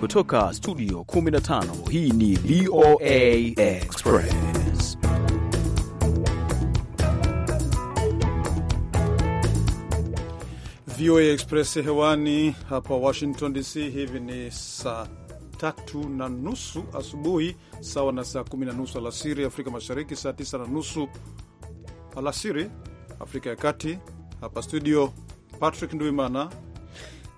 Kutoka studio 15 hii ni VOA Express. VOA Express hewani hapa Washington DC. Hivi ni saa tatu na nusu asubuhi sawa na saa kumi na nusu alasiri Afrika Mashariki, saa tisa na nusu alasiri Afrika ya Kati. Hapa studio Patrick Ndwimana,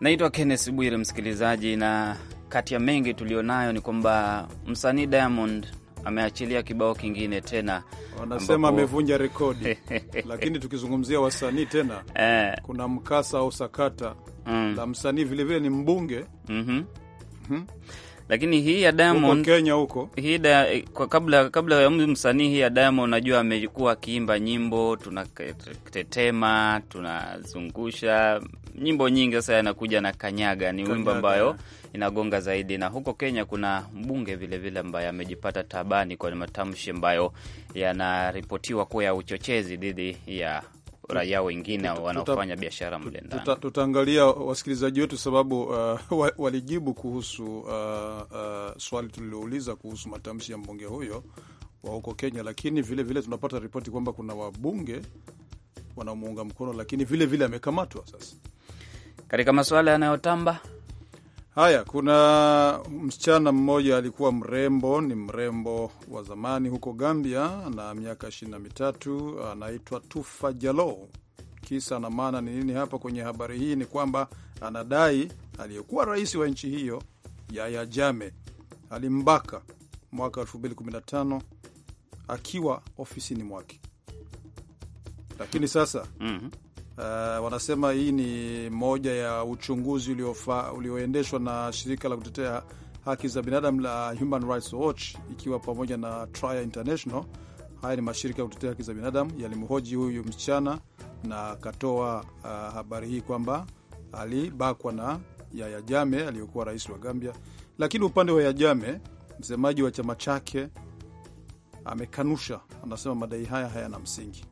naitwa Kenneth Bwire msikilizaji na kati ya mengi tulionayo ni kwamba msanii Diamond ameachilia kibao kingine tena, wanasema amevunja rekodi lakini tukizungumzia wasanii tena eh, kuna mkasa au sakata mm, la msanii vilevile ni mbunge mm -hmm. Mm -hmm. Lakini hii ya Diamond Kenya huko hii da, kwa kabla, kabla ya msanii hii ya Diamond najua amekuwa akiimba nyimbo, tunatetema tunazungusha nyimbo nyingi sasa yanakuja na kanyaga, ni wimbo ambayo inagonga zaidi. Na huko Kenya kuna mbunge vilevile ambaye amejipata tabani kwa matamshi ambayo yanaripotiwa kuwa ya uchochezi dhidi ya raia wengine wanaofanya biashara mle ndani. Tutaangalia wasikilizaji wetu, sababu uh, walijibu kuhusu uh, uh, swali tulilouliza kuhusu matamshi ya mbunge huyo wa huko Kenya, lakini vilevile vile tunapata ripoti kwamba kuna wabunge wanamuunga mkono, lakini vilevile amekamatwa sasa katika masuala yanayotamba haya. Kuna msichana mmoja alikuwa mrembo, ni mrembo wa zamani huko Gambia na miaka ishirini na mitatu, anaitwa Tufa Jalo. Kisa na maana ni nini hapa kwenye habari hii? Ni kwamba anadai aliyekuwa rais wa nchi hiyo Yaya Jame alimbaka mwaka 2015 akiwa ofisini mwake, lakini sasa mm -hmm. Uh, wanasema hii ni moja ya uchunguzi ulioendeshwa na shirika la kutetea haki za binadamu la Human Rights Watch ikiwa pamoja na Trial International. Haya ni mashirika ya kutetea haki za binadamu yalimhoji huyu msichana na akatoa uh, habari hii kwamba alibakwa na Yaya Jame aliyokuwa rais wa Gambia. Lakini upande wa Yaya Jame, msemaji wa chama chake amekanusha, anasema madai haya hayana msingi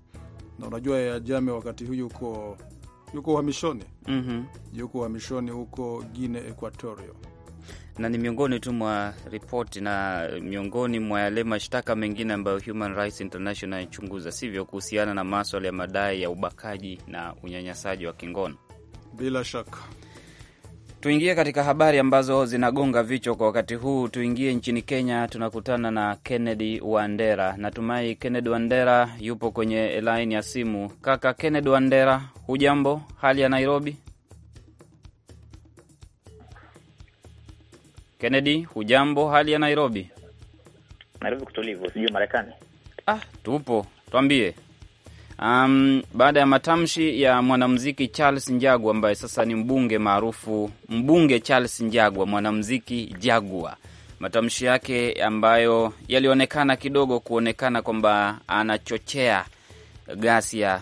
na unajua ya Jame wakati huu yuko yuko uhamishoni mm -hmm. yuko uhamishoni huko guine Equatorio na ni miongoni tu mwa ripoti na miongoni mwa yale mashtaka mengine ambayo Human Rights International inachunguza, sivyo, kuhusiana na maswala ya madai ya ubakaji na unyanyasaji wa kingono bila shaka. Tuingie katika habari ambazo zinagonga vichwa kwa wakati huu. Tuingie nchini Kenya, tunakutana na Kennedy Wandera. Natumai Kennedy Wandera yupo kwenye laini ya simu. Kaka Kennedy Wandera, hujambo? Hali ya Nairobi? Kennedy, hujambo? Hali ya Nairobi? Nairobi kutulivu, sijui Marekani. Ah, tupo, twambie Um, baada ya matamshi ya mwanamuziki Charles Njagua ambaye sasa ni mbunge maarufu, mbunge Charles Njagua, mwanamuziki Jagua, matamshi yake ambayo yalionekana kidogo kuonekana kwamba anachochea ghasia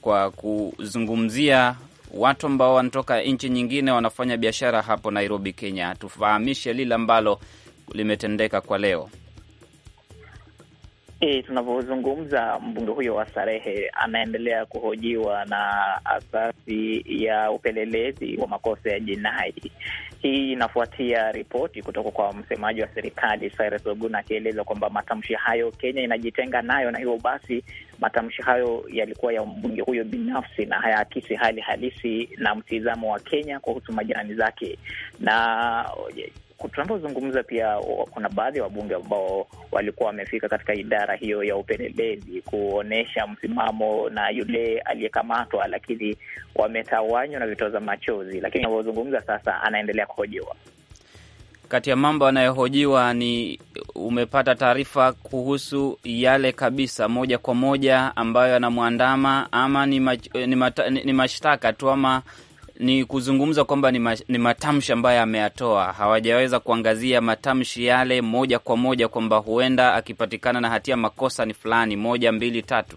kwa kuzungumzia watu ambao wanatoka nchi nyingine wanafanya biashara hapo Nairobi, Kenya. Tufahamishe lile ambalo limetendeka kwa leo. E, tunavyozungumza, mbunge huyo wa Starehe anaendelea kuhojiwa na asasi ya upelelezi wa makosa ya jinai. Hii inafuatia ripoti kutoka kwa msemaji wa serikali Cyrus Oguna akieleza kwamba matamshi hayo Kenya inajitenga nayo, na hivyo basi matamshi hayo yalikuwa ya mbunge huyo binafsi na hayaakisi hali halisi na mtizamo wa Kenya kuhusu majirani zake na tunapozungumza pia kuna baadhi ya wabunge ambao walikuwa wamefika katika idara hiyo ya upelelezi kuonyesha msimamo na yule aliyekamatwa, lakini wametawanywa na vitoza machozi. Lakini anavyozungumza sasa, anaendelea kuhojiwa. Kati ya mambo anayohojiwa ni, umepata taarifa kuhusu yale kabisa moja kwa moja ambayo yanamwandama ama ni, mach, ni, mata, ni, ni mashtaka tu ama ni kuzungumza kwamba ni, ma, ni matamshi ambayo ameyatoa. Hawajaweza kuangazia matamshi yale moja kwa moja kwamba huenda akipatikana na hatia makosa ni fulani moja mbili tatu.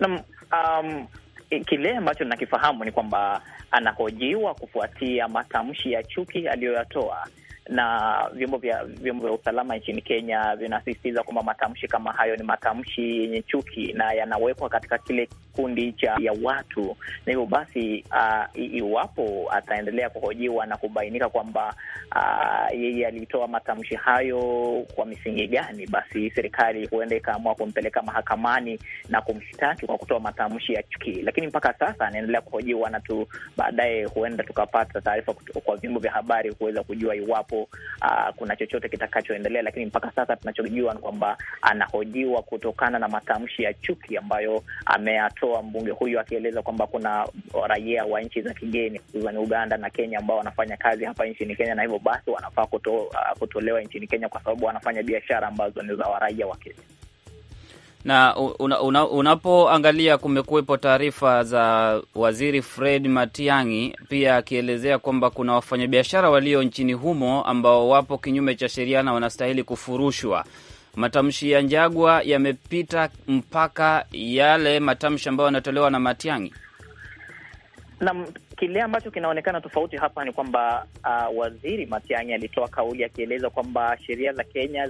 Na, um, kile ambacho nakifahamu ni kwamba anahojiwa kufuatia matamshi ya chuki aliyoyatoa na vyombo vya vyombo vya usalama nchini Kenya vinasisitiza kwamba matamshi kama hayo ni matamshi yenye chuki na yanawekwa katika kile kikundi cha ya watu, na hivyo basi uh, iwapo ataendelea kuhojiwa na kubainika kwamba uh, yeye alitoa matamshi hayo kwa misingi gani, basi serikali huenda ikaamua kumpeleka mahakamani na kumshtaki kwa kutoa matamshi ya chuki. Lakini mpaka sasa anaendelea kuhojiwa na tu baadaye huenda tukapata taarifa kwa vyombo vya habari kuweza kujua iwapo uh, kuna chochote kitakachoendelea, lakini mpaka sasa tunachojua ni kwamba anahojiwa kutokana na matamshi ya chuki ambayo ameatoa wa mbunge huyu akieleza kwamba kuna raia wa nchi za kigeni hususani Uganda na Kenya ambao wanafanya kazi hapa nchini Kenya na hivyo basi wanafaa kuto, uh, kutolewa nchini Kenya kwa sababu wanafanya biashara ambazo ni za waraia wa Kenya na una, una, unapoangalia kumekuwepo taarifa za waziri Fred Matiang'i pia akielezea kwamba kuna wafanyabiashara walio nchini humo ambao wapo kinyume cha sheria na wanastahili kufurushwa. Matamshi ya Njagwa yamepita mpaka yale matamshi ambayo yanatolewa na Matiang'i. Naam, Kile ambacho kinaonekana tofauti hapa ni kwamba uh, waziri Matiang'i alitoa kauli akieleza kwamba sheria za Kenya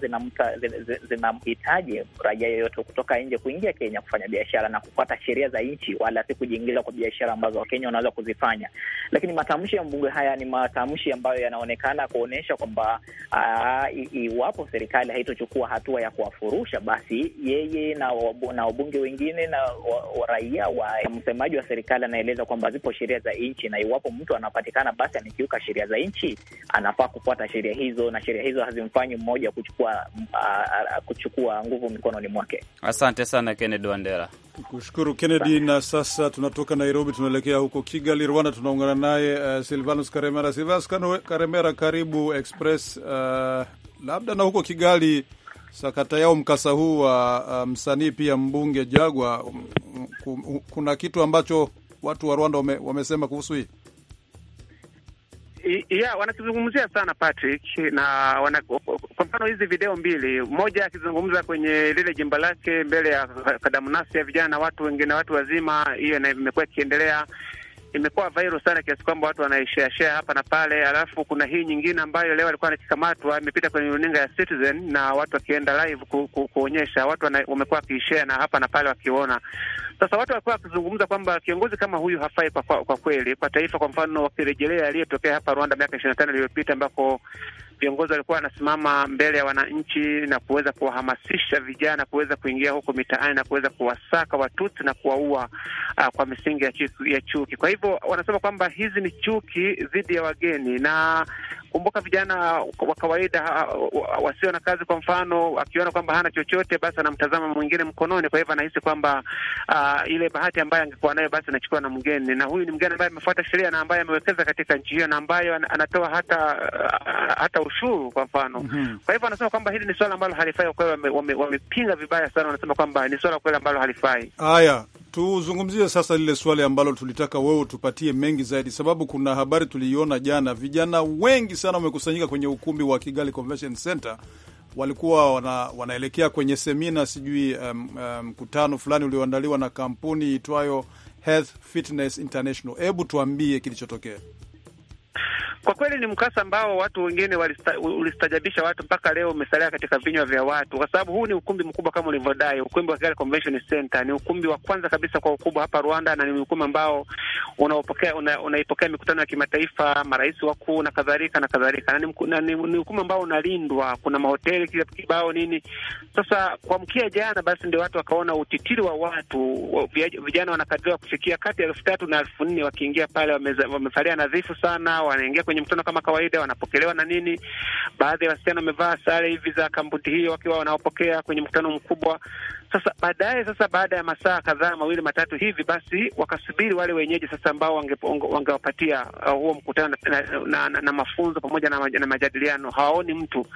zinamhitaji zina raia yoyote kutoka nje kuingia Kenya kufanya biashara na kufuata sheria za nchi, wala si kujiingiza kwa biashara ambazo Wakenya wanaweza kuzifanya. Lakini matamshi ya mbunge haya ni matamshi ambayo yanaonekana kuonyesha kwamba uh, iwapo serikali haitochukua hatua ya kuwafurusha, basi yeye na wabunge wengine na wa, wa raia wa msemaji wa serikali anaeleza kwamba zipo sheria za nchi nchi, na iwapo mtu anapatikana basi amekiuka sheria za nchi, anafaa kufuata sheria hizo, na sheria hizo hazimfanyi mmoja kuchukua kuchukua nguvu mikononi mwake. Asante sana Kennedy Wandera, kushukuru Kennedy. Na sasa tunatoka Nairobi, tunaelekea huko Kigali, Rwanda. Tunaungana naye uh, Silvanus Karemera. Silvanus Karemera, karibu Express. Uh, labda na huko Kigali sakata yao mkasa huu wa uh, msanii pia mbunge Jagwa, um, kuna kitu ambacho watu wa Rwanda wame, wamesema kuhusu hii? Yeah, wanakizungumzia sana Patrick, na wana, kwa mfano hizi video mbili, mmoja akizungumza kwenye lile jimba lake mbele ya kadamnasi ya vijana na watu wengine, watu wazima, hiyo imekuwa ikiendelea imekuwa viral sana kiasi kwamba watu wanaisheashea hapa na pale. Alafu kuna hii nyingine ambayo leo alikuwa anakikamatwa, imepita kwenye runinga ya Citizen na watu wakienda live ku, ku, kuonyesha watu wamekuwa wakiishea na hapa na pale wakiona. Sasa watu walikuwa wakizungumza kwamba kiongozi kama huyu hafai kwa, kwa, kwa kweli kwa taifa. Kwa mfano wakirejelea aliyetokea hapa Rwanda miaka ishirini na tano iliyopita ambako viongozi walikuwa wanasimama mbele ya wananchi na kuweza kuwahamasisha vijana kuweza kuingia huko mitaani na kuweza kuwasaka Watutsi na kuwaua uh, kwa misingi ya chuki, ya chuki. Kwa hivyo wanasema kwamba hizi ni chuki dhidi ya wageni na Kumbuka vijana wa kawaida wasio na kazi, kwa mfano, akiona kwamba hana chochote, basi anamtazama mwingine mkononi. Kwa hivyo anahisi kwamba uh, ile bahati ambayo angekuwa nayo basi anachukua na mgeni, na huyu ni mgeni ambaye amefuata sheria na ambaye amewekeza katika nchi hiyo na ambayo anatoa hata uh, hata ushuru kwa mfano mm -hmm. Kwa hivyo anasema kwamba hili ni swala ambalo halifai. Kwa hiyo wamepinga wame, wame vibaya sana, wanasema kwamba ni swala kweli ambalo halifai. Haya, tuzungumzie sasa lile swali ambalo tulitaka wewe tupatie mengi zaidi, sababu kuna habari tuliiona jana, vijana wengi sana wamekusanyika kwenye ukumbi wa Kigali Convention Center. Walikuwa wana, wanaelekea kwenye semina sijui mkutano um, um, fulani ulioandaliwa na kampuni itwayo Health Fitness International. Hebu tuambie kilichotokea. Kwa kweli ni mkasa ambao watu wengine ulistajabisha watu mpaka leo umesalia katika vinywa vya watu, kwa sababu huu ni ukumbi mkubwa kama ulivyodai. Ukumbi wa Kigali Convention Center ni ukumbi wa kwanza kabisa kwa ukubwa hapa Rwanda, na ni ukumbi ambao unaopokea una, unaipokea mikutano ya kimataifa, marais wakuu na kadhalika na kadhalika, na ni, ni ukumbi ambao unalindwa, kuna mahoteli kila kibao nini. Sasa kwa mkia jana, basi ndio watu wakaona utitiri wa watu, vijana wanakadiriwa kufikia kati ya elfu tatu na elfu nne wakiingia pale, wamesalia nadhifu sana, wanaingia kwenye kwenye mkutano kama kawaida, wanapokelewa na nini. Baadhi ya wasichana wamevaa sare hivi za kambuti hiyo wakiwa wanaopokea kwenye mkutano mkubwa sasa baadaye, sasa baada ya masaa kadhaa mawili matatu hivi, basi wakasubiri wale wenyeji sasa ambao wangewapatia wange uh, huo mkutano na, na, na, na mafunzo pamoja na, na majadiliano. Hawaoni mtu,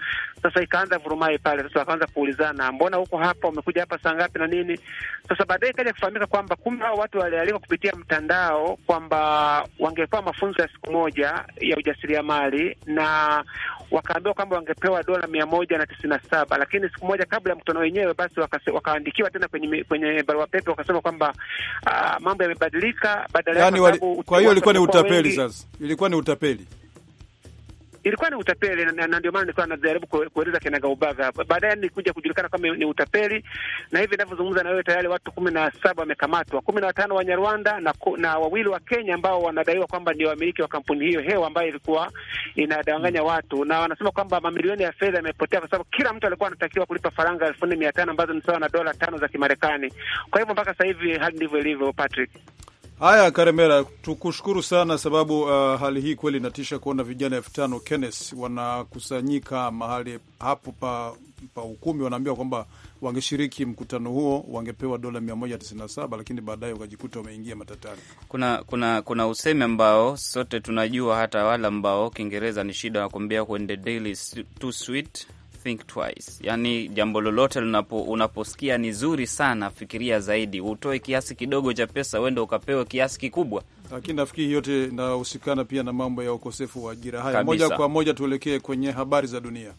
sasa ikaanza vurumai pale. Sasa wakaanza kuulizana, mbona huko hapa umekuja hapa saa ngapi na nini? Sasa baadaye ikaja kufahamika kwamba kumbe hao watu walialikwa kupitia mtandao kwamba wangepewa mafunzo ya siku moja ya ujasiriamali, na wakaambiwa kwamba wangepewa dola mia moja na tisini na saba, lakini siku moja kabla ya mkutano wenyewe basi waka, waka wakaandikiwa tena kwenye kwenye barua pepe wakasema kwamba ah, mambo yamebadilika badala yani, kwa hiyo ilikuwa ni utapeli Sasa ilikuwa ni utapeli ilikuwa ni utapeli, na ndio maana nilikuwa najaribu kueleza kinagaubaga. Baadaye nilikuja kujulikana kama ni utapeli, na hivi ninavyozungumza na wewe tayari watu kumi na saba wamekamatwa, kumi na watano Nyarwanda na, na wawili wa Kenya ambao wanadaiwa kwamba ndio wamiliki wa kampuni hiyo hewa ambayo ilikuwa inadanganya mm. watu, na wanasema kwamba mamilioni ya fedha yamepotea kwa sababu kila mtu alikuwa anatakiwa kulipa faranga elfu nne mia tano ambazo ni sawa na dola tano za Kimarekani. Kwa hivyo mpaka sasa hivi hali ndivyo ilivyo, Patrick. Haya, Karemera, tukushukuru sana sababu, uh, hali hii kweli inatisha kuona vijana elfu tano Kennes wanakusanyika mahali hapo pa, pa ukumi. Wanaambiwa kwamba wangeshiriki mkutano huo wangepewa dola 197 lakini baadaye wakajikuta wameingia matatani. Kuna, kuna, kuna usemi ambao sote tunajua hata wale ambao Kiingereza ni shida, wakuambia when daily too sweet think twice. Yani jambo lolote lunapo, unaposikia ni zuri sana, fikiria zaidi, utoe kiasi kidogo cha pesa, uende ukapewe kiasi kikubwa. Lakini nafikiri yote inahusikana pia na mambo ya ukosefu wa ajira. Haya, moja kwa moja tuelekee kwenye habari za dunia.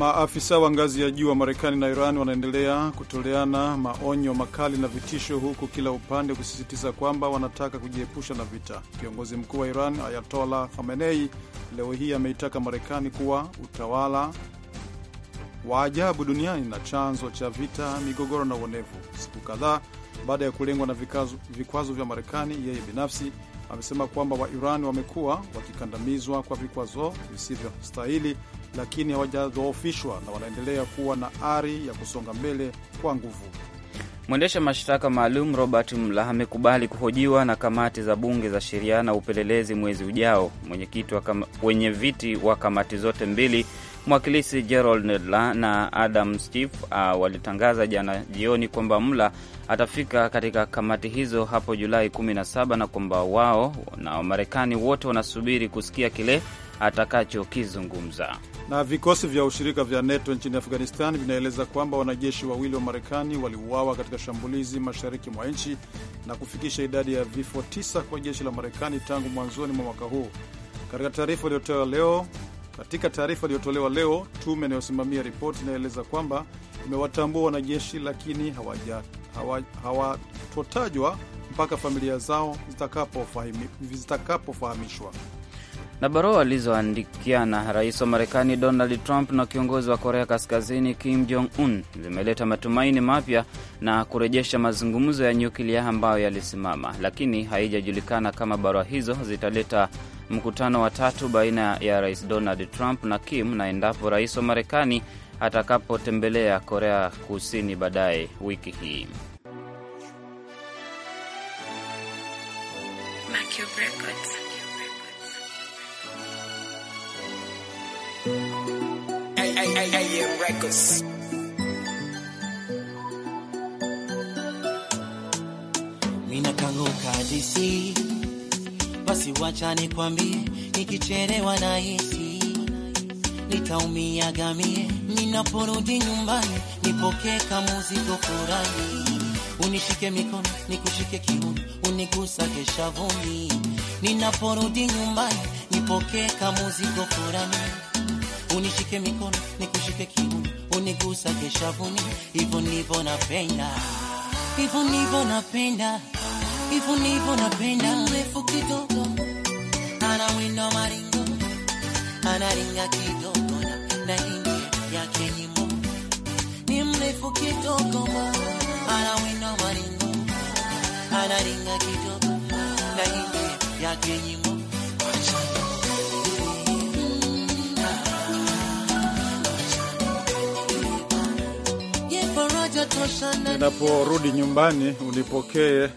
Maafisa wa ngazi ya juu wa Marekani na Iran wanaendelea kutoleana maonyo makali na vitisho, huku kila upande kusisitiza kwamba wanataka kujiepusha na vita. Kiongozi mkuu wa Iran Ayatola Khamenei leo hii ameitaka Marekani kuwa utawala wa ajabu duniani na chanzo cha vita, migogoro na uonevu. Siku kadhaa baada ya kulengwa na vikazo, vikwazo vya Marekani, yeye binafsi amesema kwamba Wairan wamekuwa wakikandamizwa kwa vikwazo visivyostahili lakini hawajadhoofishwa na wanaendelea kuwa na ari ya kusonga mbele kwa nguvu. Mwendesha mashtaka maalum Robert mla amekubali kuhojiwa na kamati za bunge za sheria na upelelezi mwezi ujao. Mwenyekiti wenye viti wa kamati zote mbili mwakilisi Gerald Nadler na Adam Schiff uh, walitangaza jana jioni kwamba mla atafika katika kamati hizo hapo Julai 17 na kwamba wao na Wamarekani wote wanasubiri kusikia kile atakachokizungumza. Na vikosi vya ushirika vya NATO nchini Afghanistan vinaeleza kwamba wanajeshi wawili wa Marekani waliuawa katika shambulizi mashariki mwa nchi na kufikisha idadi ya vifo tisa kwa jeshi la Marekani tangu mwanzoni mwa mwaka huu. Katika taarifa iliyotolewa leo katika taarifa iliyotolewa leo, tume inayosimamia ripoti inaeleza kwamba imewatambua wanajeshi lakini hawatotajwa hawa mpaka familia zao zitakapofahamishwa na barua walizoandikiana rais wa Marekani Donald Trump na kiongozi wa Korea Kaskazini Kim Jong Un zimeleta matumaini mapya na kurejesha mazungumzo ya nyuklia ambayo yalisimama, lakini haijajulikana kama barua hizo zitaleta mkutano wa tatu baina ya rais Donald Trump na Kim na endapo rais wa Marekani atakapotembelea Korea Kusini baadaye wiki hii. Make your Jesus. Minakanuka DC, basi wacha nikwambie, nikichelewa na hisi nitaumia gamie, ninaporudi nyumbani nipokee kamuziko furani, unishike mikono nikushike kiuno, unikusake shavuni, ninaporudi nyumbani nipokee kamuziko furani, unishike mikono nikushike kiuno unigusa kesha vuni, hivyo ndivyo napenda, hivyo ndivyo napenda, hivyo ndivyo napenda. Mrefu kidogo anawinda maringo, anaringa kidogo na ingi yake nyimbo ni mrefu kidogo, anawinda maringo, anaringa kidogo na ingi yake nyimbo Ninaporudi nyumbani unipokee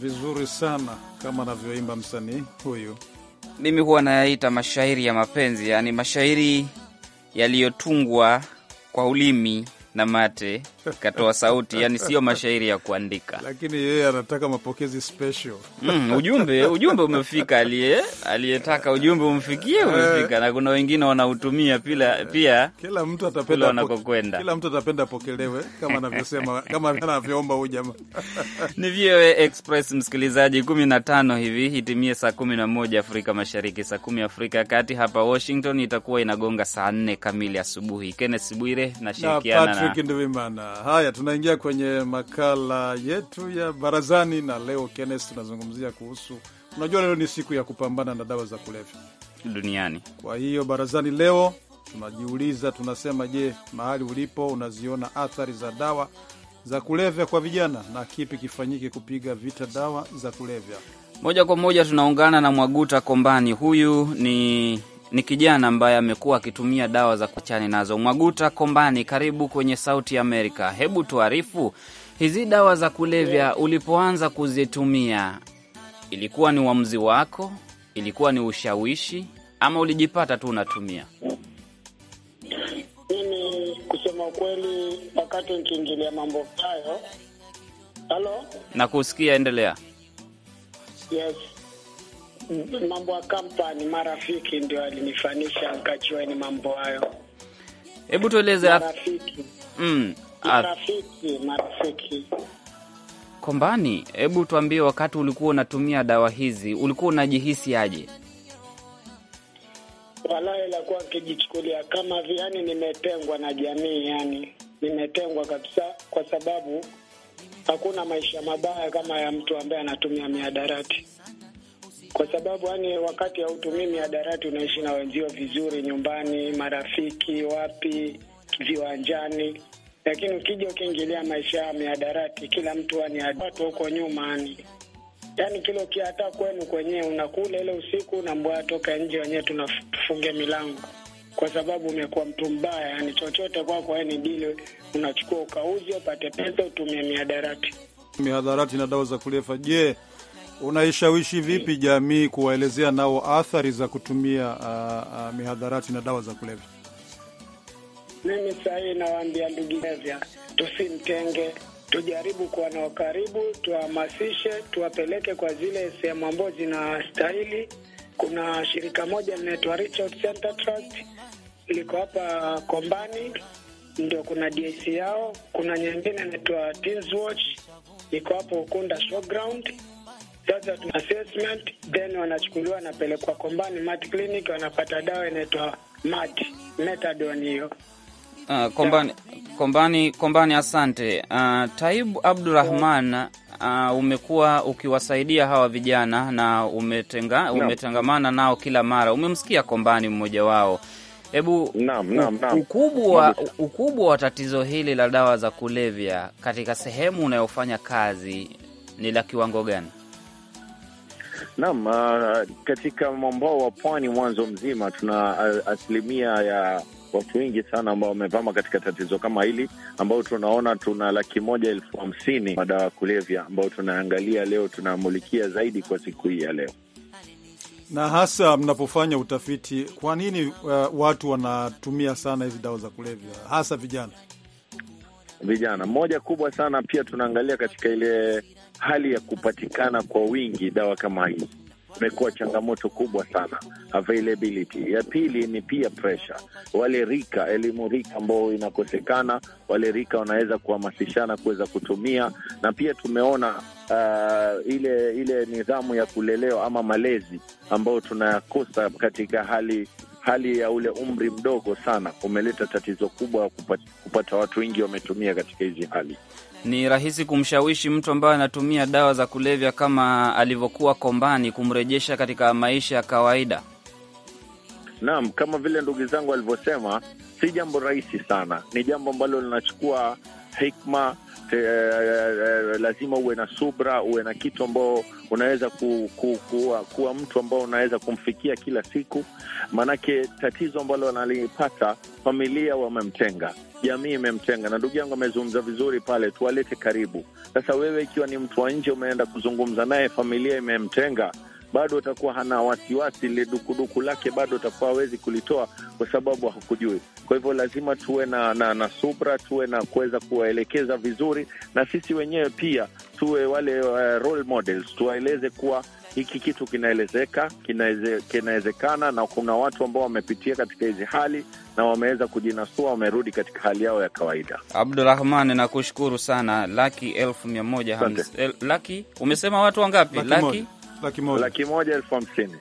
vizuri sana, kama anavyoimba msanii huyu. Mimi huwa nayaita mashairi ya mapenzi, yaani mashairi yaliyotungwa kwa ulimi na mate katoa sauti, yani sio mashairi ya kuandika, lakini yeye anataka mapokezi special. Mm, ujumbe ujumbe umefika, aliye aliyetaka ujumbe umfikie umefika, na kuna wengine wanautumia pila, pia kila mtu atapenda wanakokwenda, kila mtu atapenda pokelewe kama anavyosema kama anavyoomba huyu jamaa. Ni VOA Express msikilizaji, kumi na tano hivi hitimie saa kumi na moja Afrika Mashariki, saa kumi Afrika ya Kati. Hapa Washington itakuwa inagonga saa nne kamili asubuhi. Kenneth Bwire nashirikiana na Patrick Ndwimana Haya, tunaingia kwenye makala yetu ya barazani, na leo kenes tunazungumzia kuhusu, unajua leo ni siku ya kupambana na dawa za kulevya duniani. Kwa hiyo barazani leo tunajiuliza, tunasema, je, mahali ulipo unaziona athari za dawa za kulevya kwa vijana na kipi kifanyike kupiga vita dawa za kulevya? Moja kwa moja tunaungana na Mwaguta Kombani, huyu ni ni kijana ambaye amekuwa akitumia dawa za kuchani nazo. Mwaguta Kombani, karibu kwenye Sauti Amerika. Hebu tuarifu hizi dawa za kulevya, ulipoanza kuzitumia ilikuwa ni uamuzi wako, ilikuwa ni ushawishi, ama ulijipata tu unatumia? Mimi kusema ukweli, wakati nikiingilia mambo hayo, halo, nakusikia, endelea. Yes, Mm, mambo ya kampani, marafiki ndio alinifanisha nikajoin mambo hayo. Hebu tueleze marafiki. Mm, marafiki, marafiki kombani. Hebu tuambie, wakati ulikuwa unatumia dawa hizi ulikuwa unajihisi aje? Walai lakuwa kijichukulia kama vi, yani nimetengwa na jamii, yani nimetengwa kabisa, kwa sababu hakuna maisha mabaya kama ya mtu ambaye anatumia miadarati kwa sababu yani, wakati mimi mihadarati unaishi na wenzio vizuri, nyumbani, marafiki, wapi, viwanjani. Lakini ukija ukiingilia maisha ya mihadarati, kila mtu ani watu huko nyuma yani yaani kila ukiataa kwenu kwenyewe unakula ile usiku na mbwa toka nje, wenyewe tunafunge milango kwa sababu umekuwa mtu mbaya. Yani chochote kwako kwa yaani ni dili, unachukua ukauze, upate pesa, utumie mihadarati, mihadarati na dawa za kulevya. Je, Unaishawishi vipi jamii kuwaelezea nao athari za kutumia uh, uh, mihadharati na dawa za kulevya? Mimi sahii nawaambia ndugu levya, tusimtenge, tujaribu kuwa na karibu, tuwahamasishe, tuwapeleke kwa zile sehemu ambazo zinastahili. Kuna shirika moja linaitwa Center Trust liko hapa Kombani, ndio kuna DAC yao. Kuna nyingine inaitwa Teens Watch iko hapo Ukunda Showground sasa tuna assessment then wanachukuliwa wanapelekwa Kombani Mat Clinic, wanapata dawa inaitwa mat metadone hiyo. Uh, kombani, kombani, kombani. Asante uh, ah, Taibu Abdurahman uh, ah, umekuwa ukiwasaidia hawa vijana na umetenga, umetengamana nao kila mara. Umemsikia Kombani mmoja wao. Hebu ukubwa, ukubwa wa tatizo hili la dawa za kulevya katika sehemu unayofanya kazi ni la kiwango gani? Naam, uh, katika mwambao wa pwani mwanzo mzima tuna uh, asilimia ya watu wengi sana ambao wamevama katika tatizo kama hili, ambao tunaona tuna laki moja elfu hamsini madawa ya kulevya ambao tunaangalia leo, tunamulikia zaidi kwa siku hii ya leo na hasa mnapofanya utafiti, kwa nini uh, watu wanatumia sana hizi dawa za kulevya hasa vijana? Vijana moja kubwa sana pia tunaangalia katika ile hali ya kupatikana kwa wingi dawa kama hii imekuwa changamoto kubwa sana availability. Ya pili ni pia pressure, wale rika elimu rika ambao inakosekana, wale rika wanaweza kuhamasishana kuweza kutumia, na pia tumeona uh, ile ile nidhamu ya kulelewa ama malezi ambayo tunayakosa katika hali hali ya ule umri mdogo sana umeleta tatizo kubwa ya kupata, kupata watu wengi wametumia katika hizi hali. Ni rahisi kumshawishi mtu ambaye anatumia dawa za kulevya kama alivyokuwa kombani kumrejesha katika maisha ya kawaida. Naam, kama vile ndugu zangu alivyosema, si jambo rahisi sana, ni jambo ambalo linachukua hikma. Te, eh, eh, eh, lazima uwe na subra, uwe na kitu ambao unaweza ku, ku, kuwa, kuwa mtu ambao unaweza kumfikia kila siku. Maanake tatizo ambalo analipata familia, wamemtenga, jamii imemtenga, na ndugu yangu amezungumza vizuri pale, tuwalete karibu. Sasa wewe ikiwa ni mtu wa nje umeenda kuzungumza naye, familia imemtenga bado atakuwa hana wasiwasi, lile dukuduku lake bado atakuwa hawezi kulitoa, kwa sababu hakujui. Kwa hivyo lazima tuwe na, na, na subra, tuwe na kuweza kuwaelekeza vizuri, na sisi wenyewe pia tuwe wale uh, role models, tuwaeleze kuwa hiki kitu kinaelezeka, kinawezekana, na kuna watu ambao wamepitia katika hizi hali na wameweza kujinasua, wamerudi katika hali yao ya kawaida. Abdurahman, nakushukuru sana. Laki elfu mia moja hamsini laki, umesema watu wangapi? Laki laki moja, laki moja elfu hamsini.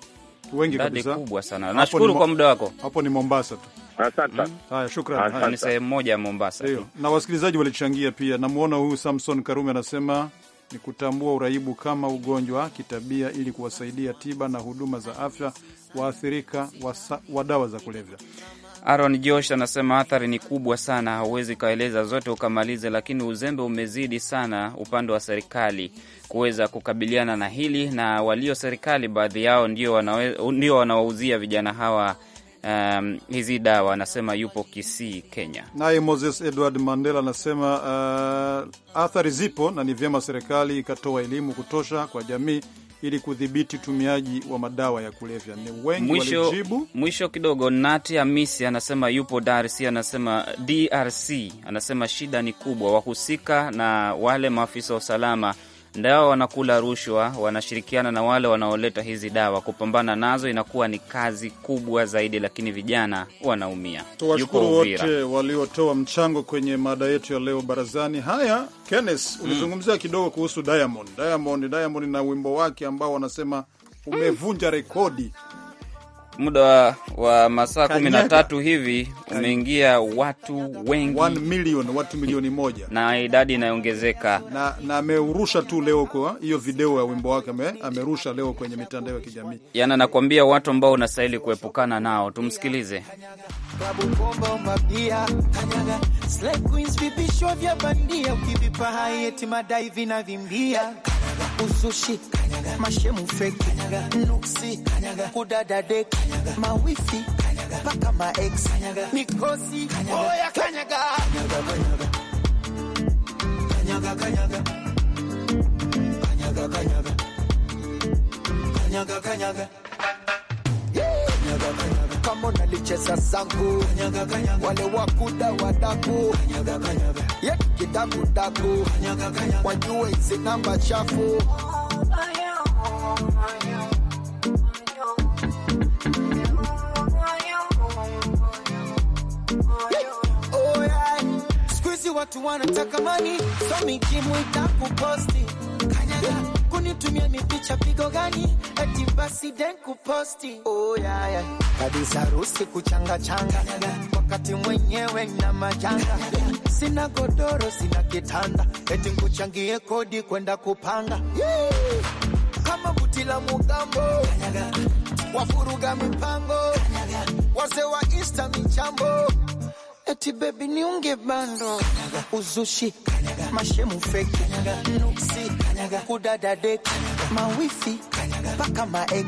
Wengi kabisa, kubwa sana. Nashukuru kwa muda wako. Hapo ni Mombasa tu. Asante. Hmm. Haya, shukrani. Ni sehemu moja ya Mombasa. Hiyo. Na wasikilizaji walichangia pia. Namuona huyu Samson Karume anasema ni kutambua uraibu kama ugonjwa kitabia ili kuwasaidia tiba na huduma za afya waathirika wa dawa za kulevya. Aaron Josh anasema athari ni kubwa sana, hauwezi ukaeleza zote ukamalize, lakini uzembe umezidi sana upande wa serikali kuweza kukabiliana na hili, na walio serikali baadhi yao ndio wanawauzia vijana hawa Um, hizi dawa anasema yupo Kisii, Kenya. Naye Moses Edward Mandela anasema uh, athari zipo na ni vyema serikali ikatoa elimu kutosha kwa jamii ili kudhibiti utumiaji wa madawa ya kulevya. Ni wengi mwisho, walijibu. Mwisho kidogo, Nati amisi anasema yupo DRC, anasema DRC, anasema shida ni kubwa, wahusika na wale maafisa wa usalama Ndao wanakula rushwa, wanashirikiana na wale wanaoleta hizi dawa. Kupambana nazo inakuwa ni kazi kubwa zaidi, lakini vijana wanaumia. Tuwashukuru wote waliotoa mchango kwenye mada yetu ya leo barazani. Haya, Kenneth, mm. ulizungumzia mm, kidogo kuhusu Diamond. Diamond, Diamond na wimbo wake ambao wanasema umevunja rekodi muda wa masaa kumi na tatu hivi umeingia watu wengi, one million, watu milioni moja na idadi inayoongezeka, na ameurusha tu leo kwa hiyo video ya wimbo wake amerusha leo kwenye mitandao ya kijamii. yan anakuambia watu ambao unastahili kuepukana nao. Tumsikilize usushi, kanyaga, mashemu feki, kanyaga, nuksi, kanyaga, kudada deki, kanyaga, mawifi, kanyaga, paka maex, kanyaga, mikosi, kanyaga, oya oh, kanyaga, kanyaga, kanyaga, kanyaga, kanyaga, kanyaga, kanyaga, kanyaga, kanyaga somo nalicheza zangu, wale wakuda wadaku ye kidakudaku, wajue hizi namba chafu Watu wanataka mani so mijimu itakuposti kanyaga kunitumia mipicha pigo gani eti basi den kuposti oh, yeah, yeah kabisa rusi kuchanga changa, wakati mwenyewe na majanga, sina godoro sina kitanda, eti nkuchangie kodi kwenda kupanga kama buti la mugambo wafuruga mipango wazee wa ista michambo eti bebi niunge bando uzushi mashemu feki nuksi kudadadeki mawifi mpaka ma ex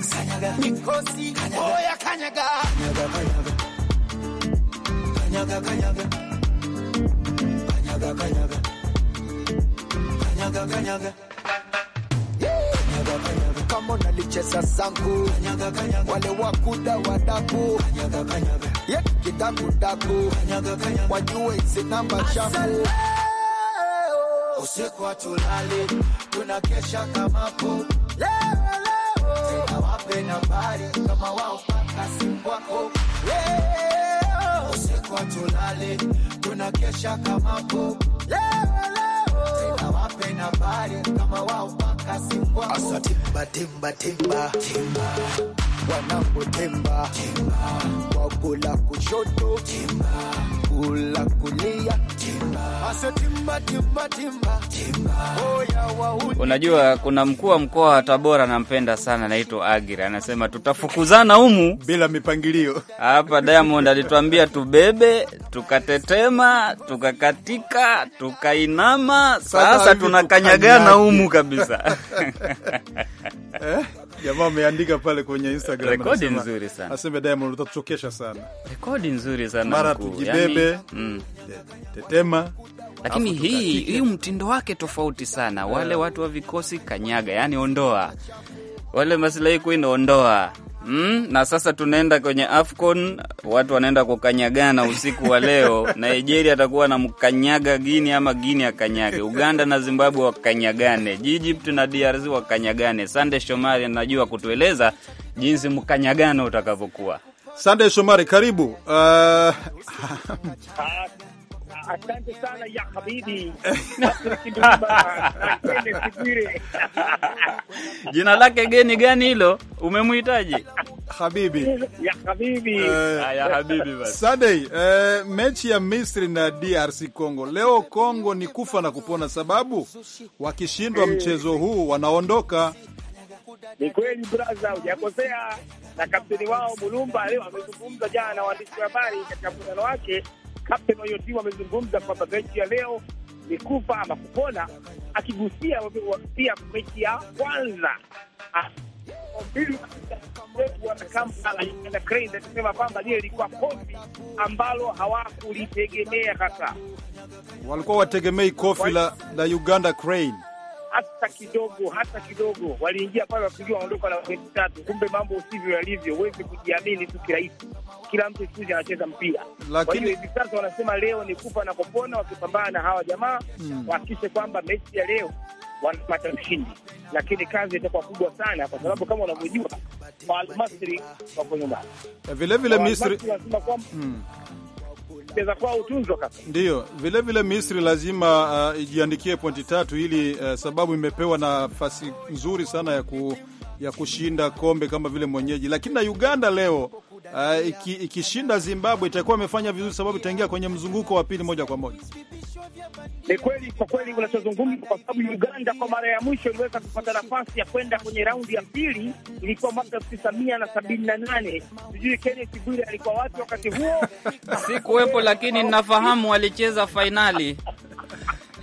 mikosi oya kanyaga kanyaga kanyaga kanyaga kanyaga kanyaga kanyaga kama nalicheza sangu wale wakuda wadaku yekitangudaku wajue zinamba shamu usiku hatulali tunakesha kamapu uwe na bari kama wao nasimu wako usiku tulale tunakesha kamako wape na bari kama wao mpaka simu wako timba timba timba timba wanangu timba timba wakula kushoto timba kula kulia. Unajua, kuna mkuu wa mkoa wa Tabora anampenda sana, anaitwa Agira, anasema tutafukuzana humu bila mipangilio. Hapa Diamond alituambia tubebe, tukatetema, tukakatika, tukainama, sasa tunakanyagana humu kabisa eh? Jamaa ameandika pale kwenye Instagram, rekodi nzuri sana asema, Diamond utatuchokesha sana, rekodi nzuri sana mara tujibebe, yani, mm. mm. tetema lakini hii hii mtindo wake tofauti sana, wale eh. watu wa vikosi kanyaga, yani ondoa wale masilahi kwenu, ondoa Mm, na sasa tunaenda kwenye AFCON, watu wanaenda kukanyagana usiku wa leo. Nigeria atakuwa na mkanyaga Gini ama Gini akanyage Uganda na Zimbabwe wakanyagane, Egypt na DRC wakanyagane. Sande Shomari anajua kutueleza jinsi mkanyagano utakavyokuwa. Sande Shomari, karibu uh... Ah, Asante sana ya habibi jina lake geni gani hilo? umemuhitaji habibi ya habibi eh, ah, ya habibi basi. Sunday, eh, mechi ya Misri na DRC Congo leo. Congo ni kufa na kupona, sababu wakishindwa eh. mchezo huu wanaondoka. Ni kweli braza, hujakosea. Na kapteni wao Mulumba leo amezungumza jana na waandishi wa habari katika mkutano wake Kapteni wa hiyo timu amezungumza kwamba mechi ya leo ni kufa ama kupona, akigusia pia mechi ya kwanza akisema kwamba lile ilikuwa kofi ambalo hawakulitegemea hasa, walikuwa wategemei kofi la, la Uganda Crane hata kidogo, hata kidogo. Waliingia pale wakijua waondoka na pointi tatu, kumbe mambo usivyo yalivyo, huwezi kujiamini tu kirahisi. Kila mtu siku hizi anacheza mpira, kwa hivi sasa wanasema leo ni kufa na kupona, wakipambana na hawa jamaa hmm, wahakikishe kwamba mechi ya leo wanapata ushindi, lakini kazi itakuwa kubwa sana, kwa sababu kama unavyojua Almasri wako nyumbani vilevile eh, Misri, kwamba hmm inaweza kuwa utunzo kabisa. Ndio vile vile Misri lazima uh, ijiandikie pointi tatu ili uh, sababu imepewa nafasi nzuri sana ya ku ya kushinda kombe kama vile mwenyeji, lakini na Uganda leo uh, iki, ikishinda Zimbabwe itakuwa imefanya vizuri, sababu itaingia kwenye mzunguko wa pili moja kwa moja. Ni kweli kwa kweli unachozungumza, kwa sababu Uganda kwa mara ya mwisho iliweza kupata nafasi ya kwenda kwenye raundi ya pili ilikuwa mwaka elfu tisa mia na sabini na nane. Sijui Kenneth Bwire alikuwa wapi wakati huo, sikuwepo, lakini nafahamu walicheza fainali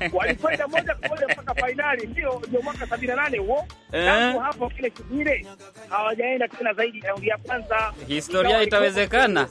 walikwenda moja kwa moja mpaka fainali, ndio ndio mwaka sabini na nane huo eh? tangu hapo kile kingine hawajaenda tena zaidi raundi ya kwanza. Historia itawezekana?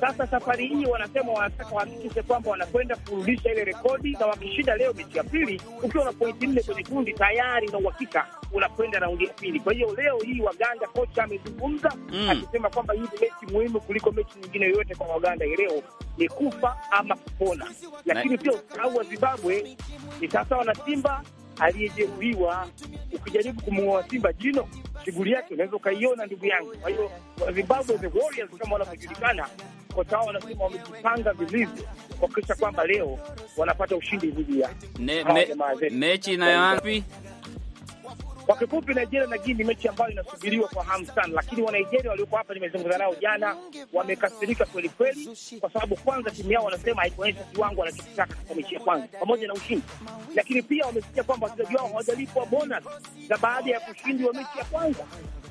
Sasa safari hii wanasema wanataka wahakikishe kwamba wanakwenda kurudisha ile rekodi, na wakishinda leo mechi ya pili, ukiwa na pointi nne kwenye kundi tayari na uhakika unakwenda raundi ya pili. Kwa hiyo leo hii Waganda, kocha amezungumza mm, akisema kwamba hii ni mechi muhimu kuliko mechi nyingine yoyote kwa Waganda. Leo ni kufa ama kupona, lakini pia usahau wa Zimbabwe ni sasa wanasimba aliyejeruhiwa. Ukijaribu kumuoa Simba jino, shughuli yake unaweza ukaiona, ndugu yangu. Kwa hiyo Zimbabwe the Warriors kama wanavyojulikana, kocha wao wanasema wamejipanga vilivyo kuhakikisha kwamba leo wanapata ushindi dhidi ya mechi inayoanza kwa kifupi, Nigeria na ni mechi ambayo inasubiriwa kwa hamu sana, lakini Wanigeria walioko hapa nimezungumza nao jana, wamekasirika kweli kweli, kwa sababu kwanza timu yao wanasema haikuonyesha kiwango wanachokitaka katika mechi ya kwanza pamoja na ushindi, lakini pia wamesikia kwamba wachezaji wao hawajalipwa bonus za baada ya kushindi wa mechi ya kwanza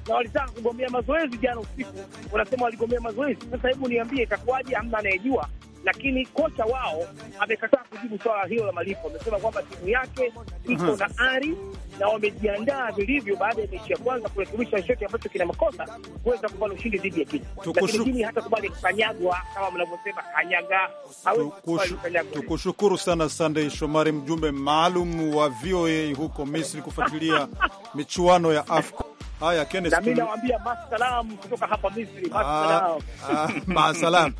na walitaka kugomea mazoezi jana usiku, wanasema waligombea mazoezi. Sasa hebu niambie, itakuwaje? Hamna anayejua lakini kocha wao amekataa kujibu swala hilo la malipo. Amesema kwamba timu yake iko na ari na wamejiandaa vilivyo baada ya mechi ya kwanza kurekebisha chochote ambacho kina makosa kuweza kupata ushindi dhidi ya Kenya, lakini Kenya hata kubali kukanyagwa kama mnavyosema kanyaga. Tukushukuru sana Sunday Shomari, mjumbe maalum wa VOA huko Misri kufuatilia michuano ya AFCON. Haya, Kenneth, na mimi nawaambia masalam kutoka hapa Misri, masalam. Ah, masalam.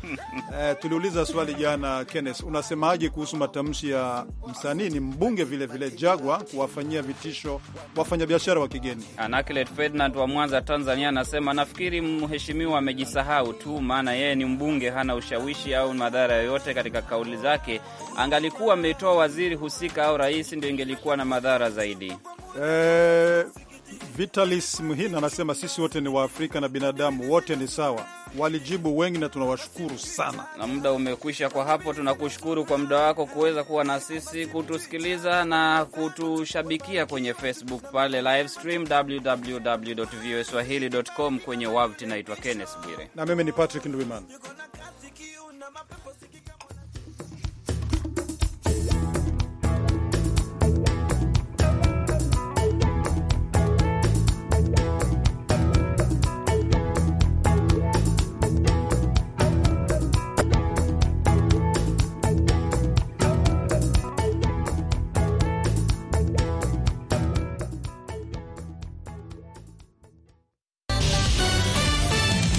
Ah, eh, tuliuliza swali jana, Kenneth, unasemaje kuhusu matamshi ya msanii ni mbunge vile vile Jagwa kuwafanyia vitisho wafanyabiashara wa kigeni? Anaclet Ferdinand wa Mwanza, Tanzania anasema nafikiri mheshimiwa amejisahau tu, maana yeye ni mbunge, hana ushawishi au madhara yoyote katika kauli zake. Angalikuwa ametoa waziri husika au rais, ndio ingelikuwa na madhara zaidi. Eh, Vitalis Mhina anasema sisi wote ni Waafrika na binadamu wote ni sawa. Walijibu wengi na tunawashukuru sana, na muda umekwisha kwa hapo. Tunakushukuru kwa muda wako kuweza kuwa na sisi, kutusikiliza na kutushabikia kwenye Facebook pale live stream www.voaswahili.com. Kwenye wavuti naitwa Kenneth Bwire na mimi ni Patrick Ndwimana.